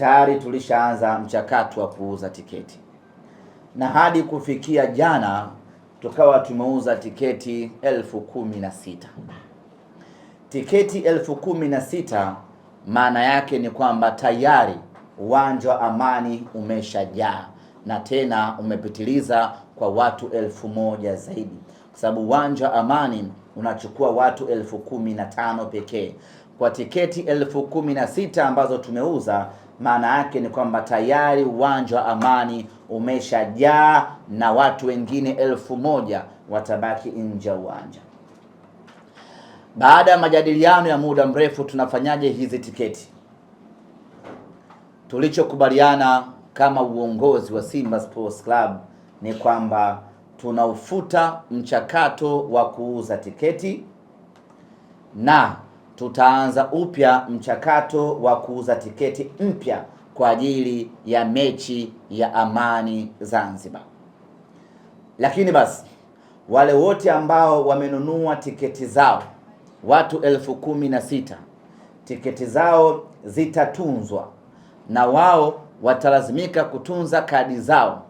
tayari tulishaanza mchakato wa kuuza tiketi na hadi kufikia jana tukawa tumeuza tiketi elfu kumi na sita. Tiketi elfu kumi na sita maana yake ni kwamba tayari uwanja wa Amani umeshajaa na tena umepitiliza kwa watu elfu moja zaidi, kwa sababu uwanja wa Amani unachukua watu elfu kumi na tano pekee. Kwa tiketi elfu kumi na sita ambazo tumeuza maana yake ni kwamba tayari uwanja wa Amani umeshajaa na watu wengine elfu moja watabaki nje ya uwanja. Baada ya majadiliano ya muda mrefu, tunafanyaje hizi tiketi? Tulichokubaliana kama uongozi wa Simba Sports Club ni kwamba tunaufuta mchakato wa kuuza tiketi na tutaanza upya mchakato wa kuuza tiketi mpya kwa ajili ya mechi ya Amani Zanzibar. Lakini basi wale wote ambao wamenunua tiketi zao watu elfu kumi na sita tiketi zao zitatunzwa na wao watalazimika kutunza kadi zao,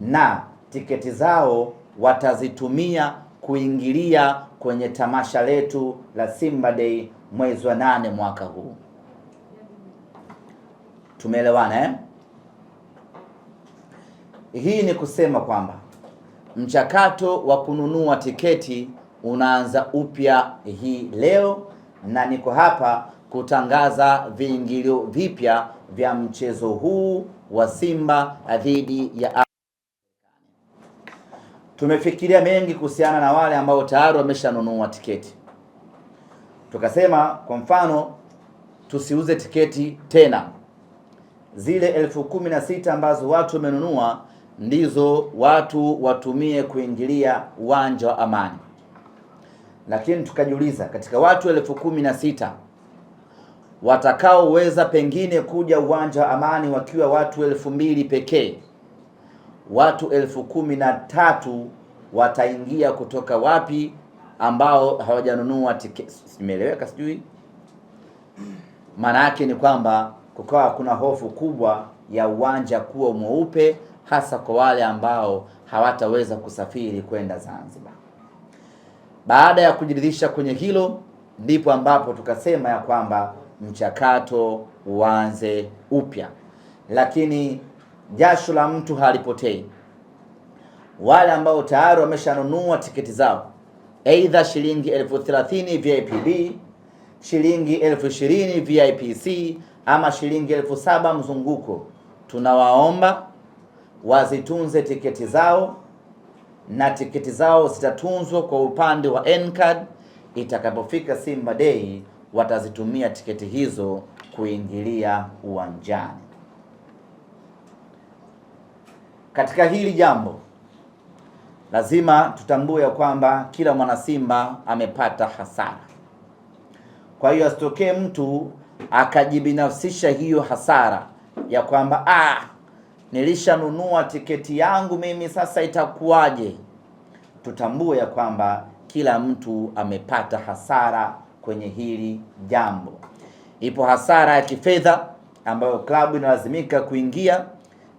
na tiketi zao watazitumia kuingilia kwenye tamasha letu la Simba Day mwezi wa nane mwaka huu. Tumeelewana eh? Hii ni kusema kwamba mchakato wa kununua tiketi unaanza upya hii leo, na niko hapa kutangaza viingilio vipya vya mchezo huu wa Simba dhidi ya tumefikiria mengi kuhusiana na wale ambao tayari wameshanunua tiketi. Tukasema kwa mfano, tusiuze tiketi tena, zile elfu kumi na sita ambazo watu wamenunua ndizo watu watumie kuingilia uwanja wa Amani. Lakini tukajiuliza katika watu elfu kumi na sita watakaoweza pengine kuja uwanja wa Amani wakiwa watu elfu mbili pekee watu elfu kumi na tatu wataingia kutoka wapi ambao hawajanunua tiketi? Imeeleweka sijui? Maana yake ni kwamba kukawa kuna hofu kubwa ya uwanja kuwa mweupe, hasa kwa wale ambao hawataweza kusafiri kwenda Zanzibar. Baada ya kujiridhisha kwenye hilo, ndipo ambapo tukasema ya kwamba mchakato uanze upya, lakini jasho la mtu halipotei. Wale ambao tayari wameshanunua tiketi zao, aidha shilingi elfu thelathini shilingi elfu ishirini ama shilingi elfu saba mzunguko, tunawaomba wazitunze tiketi zao, na tiketi zao zitatunzwa kwa upande wa Ncard. Itakapofika Simba Day watazitumia tiketi hizo kuingilia uwanjani. Katika hili jambo lazima tutambue ya kwamba kila mwana Simba amepata hasara. Kwa hiyo asitokee mtu akajibinafsisha hiyo hasara ya kwamba ah, nilishanunua tiketi yangu mimi, sasa itakuwaje? Tutambue ya kwamba kila mtu amepata hasara kwenye hili jambo. Ipo hasara ya kifedha ambayo klabu inalazimika kuingia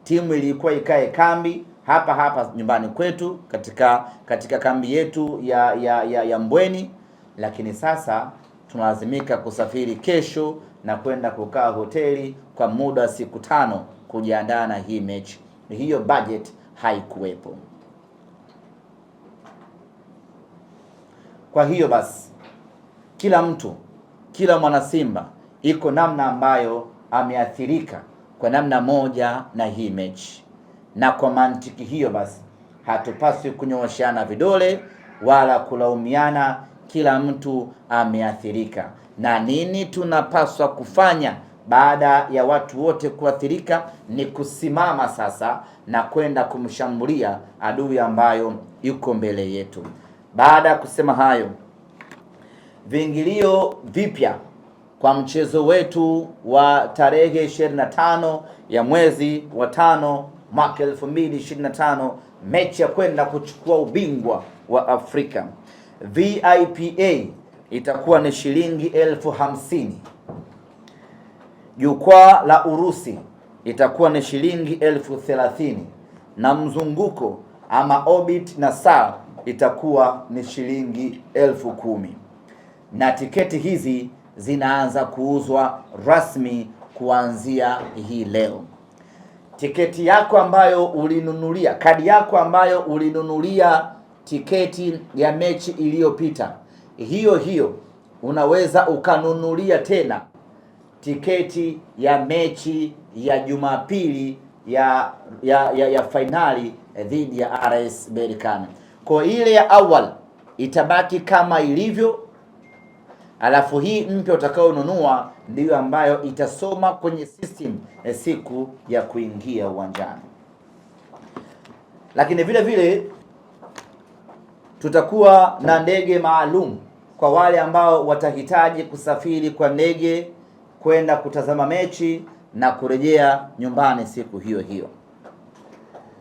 timu ilikuwa ikae kambi hapa hapa nyumbani kwetu katika katika kambi yetu ya, ya, ya, ya Mbweni, lakini sasa tunalazimika kusafiri kesho na kwenda kukaa hoteli kwa muda wa siku tano kujiandaa na hii mechi. Hiyo budget haikuwepo. Kwa hiyo basi, kila mtu, kila mwana Simba iko namna ambayo ameathirika kwa namna moja na hii mechi, na kwa mantiki hiyo basi hatupaswi kunyooshana vidole wala kulaumiana. Kila mtu ameathirika, na nini tunapaswa kufanya baada ya watu wote kuathirika? Ni kusimama sasa na kwenda kumshambulia adui ambayo yuko mbele yetu. Baada ya kusema hayo, viingilio vipya kwa mchezo wetu wa tarehe 25 ya mwezi wa tano mwaka 2025 mechi ya kwenda kuchukua ubingwa wa Afrika. VIPA itakuwa ni shilingi elfu hamsini. Jukwaa la Urusi itakuwa ni shilingi elfu thelathini na mzunguko ama orbit na saa itakuwa ni shilingi elfu kumi na tiketi hizi zinaanza kuuzwa rasmi kuanzia hii leo. Tiketi yako ambayo ulinunulia, kadi yako ambayo ulinunulia tiketi ya mechi iliyopita, hiyo hiyo unaweza ukanunulia tena tiketi ya mechi ya Jumapili ya ya, ya, ya fainali dhidi ya RS Berkane. Kwa ile ya awali itabaki kama ilivyo alafu hii mpya utakayonunua ndiyo ambayo itasoma kwenye system ya eh, siku ya kuingia uwanjani. Lakini vile vile tutakuwa na ndege maalum kwa wale ambao watahitaji kusafiri kwa ndege kwenda kutazama mechi na kurejea nyumbani siku hiyo hiyo.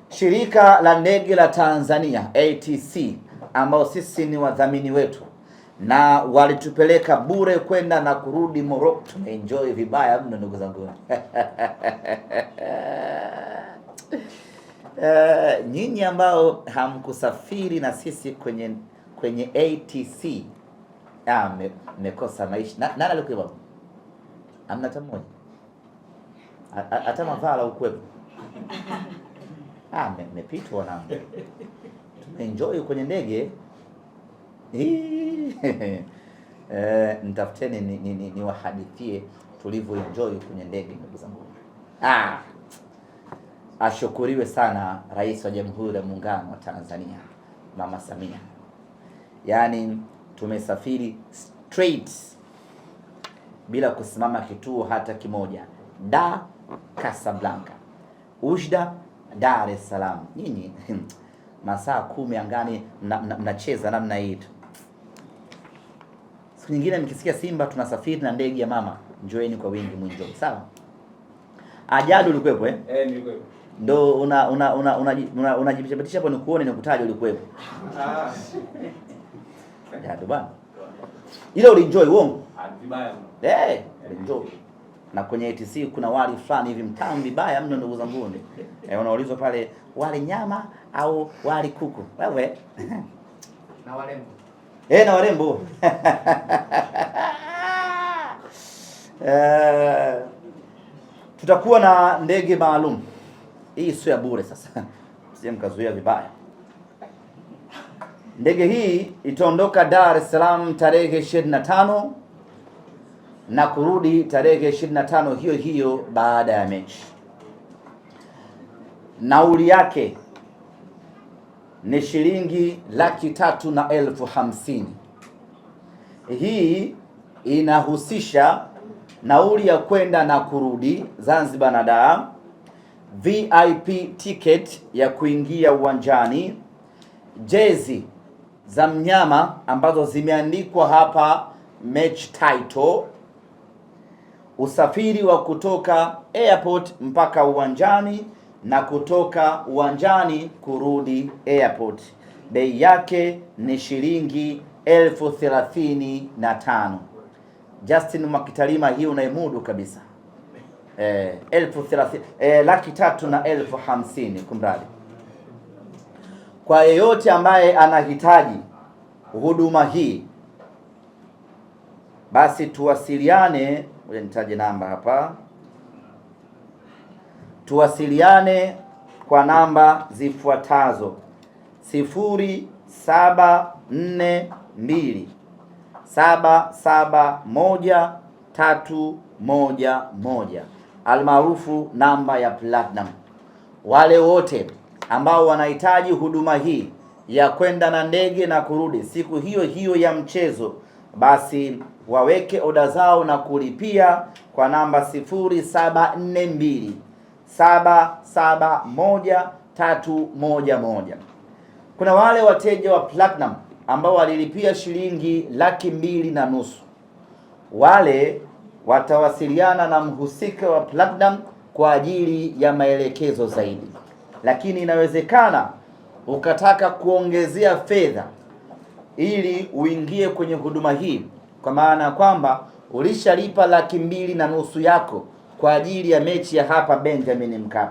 Shirika la ndege la Tanzania ATC, ambao sisi ni wadhamini wetu na walitupeleka bure kwenda na kurudi Morocco. Tumeenjoy vibaya mno ndugu zangu. Uh, nyinyi ambao hamkusafiri na sisi kwenye kwenye ATC ah, maisha. Nani na alikuwa amna hata mmoja hata mavala ukwepo? Ah, me, na tumeenjoy kwenye ndege E, mtafuteni niwahadithie ni, ni, ni enjoy kwenye ndege ndugu zangu. Ah, ashukuriwe sana Rais wa Jamhuri ya Muungano wa Tanzania Mama Samia, yaani tumesafiri straight bila kusimama kituo hata kimoja, Da Casablanca, Ujda Dar es Salaam. Nyinyi masaa kumi angani mnacheza namna hii tu Siku nyingine mkisikia Simba tunasafiri na ndege ya mama, njoeni kwa wingi mwinjo. Sawa? ajali ulikuwepo eh? Eh, nilikuwepo. Ndo una una una una, una hapo nikuone kuone nikutaje ulikuwepo. Ah. Ajadu bana. Ile ulienjoy uongo? Ah, vibaya mno. Eh, eh ulienjoy. Na kwenye ATC kuna wali fulani hivi mtamu vibaya mno ndugu zangu. Eh, unaulizwa pale wali nyama au wali kuku? Wewe. Na wale Eh, na warembo e, tutakuwa na ndege maalum. Hii sio ya bure sasa, sie mkazuia vibaya. Ndege hii itaondoka Dar es Salaam tarehe 25 na kurudi tarehe 25 hiyo hiyo baada ya mechi. Nauli yake ni shilingi laki tatu na elfu hamsini. Hii inahusisha nauli ya kwenda na kurudi Zanzibar na Dar, VIP ticket ya kuingia uwanjani, jezi za mnyama ambazo zimeandikwa hapa match title, usafiri wa kutoka airport mpaka uwanjani na kutoka uwanjani kurudi airport. Bei yake ni shilingi elfu thelathini na tano. Justin Mwakitalima, hii unaimudu kabisa eh, elfu thelathini, eh, laki tatu na elfu hamsini kumradi. Kwa yeyote ambaye anahitaji huduma hii basi tuwasiliane, nitaje namba hapa tuwasiliane kwa namba zifuatazo: sifuri saba tatu moja moja almaarufu namba ya Platinum. Wale wote ambao wanahitaji huduma hii ya kwenda na ndege na kurudi siku hiyo hiyo ya mchezo, basi waweke oda zao na kulipia kwa namba 0742 saba saba moja tatu moja moja. Kuna wale wateja wa Platinum ambao walilipia shilingi laki mbili na nusu. Wale watawasiliana na mhusika wa Platinum kwa ajili ya maelekezo zaidi, lakini inawezekana ukataka kuongezea fedha ili uingie kwenye huduma hii, kwa maana ya kwamba ulishalipa laki mbili na nusu yako kwa ajili ya mechi ya hapa Benjamin Mkapa.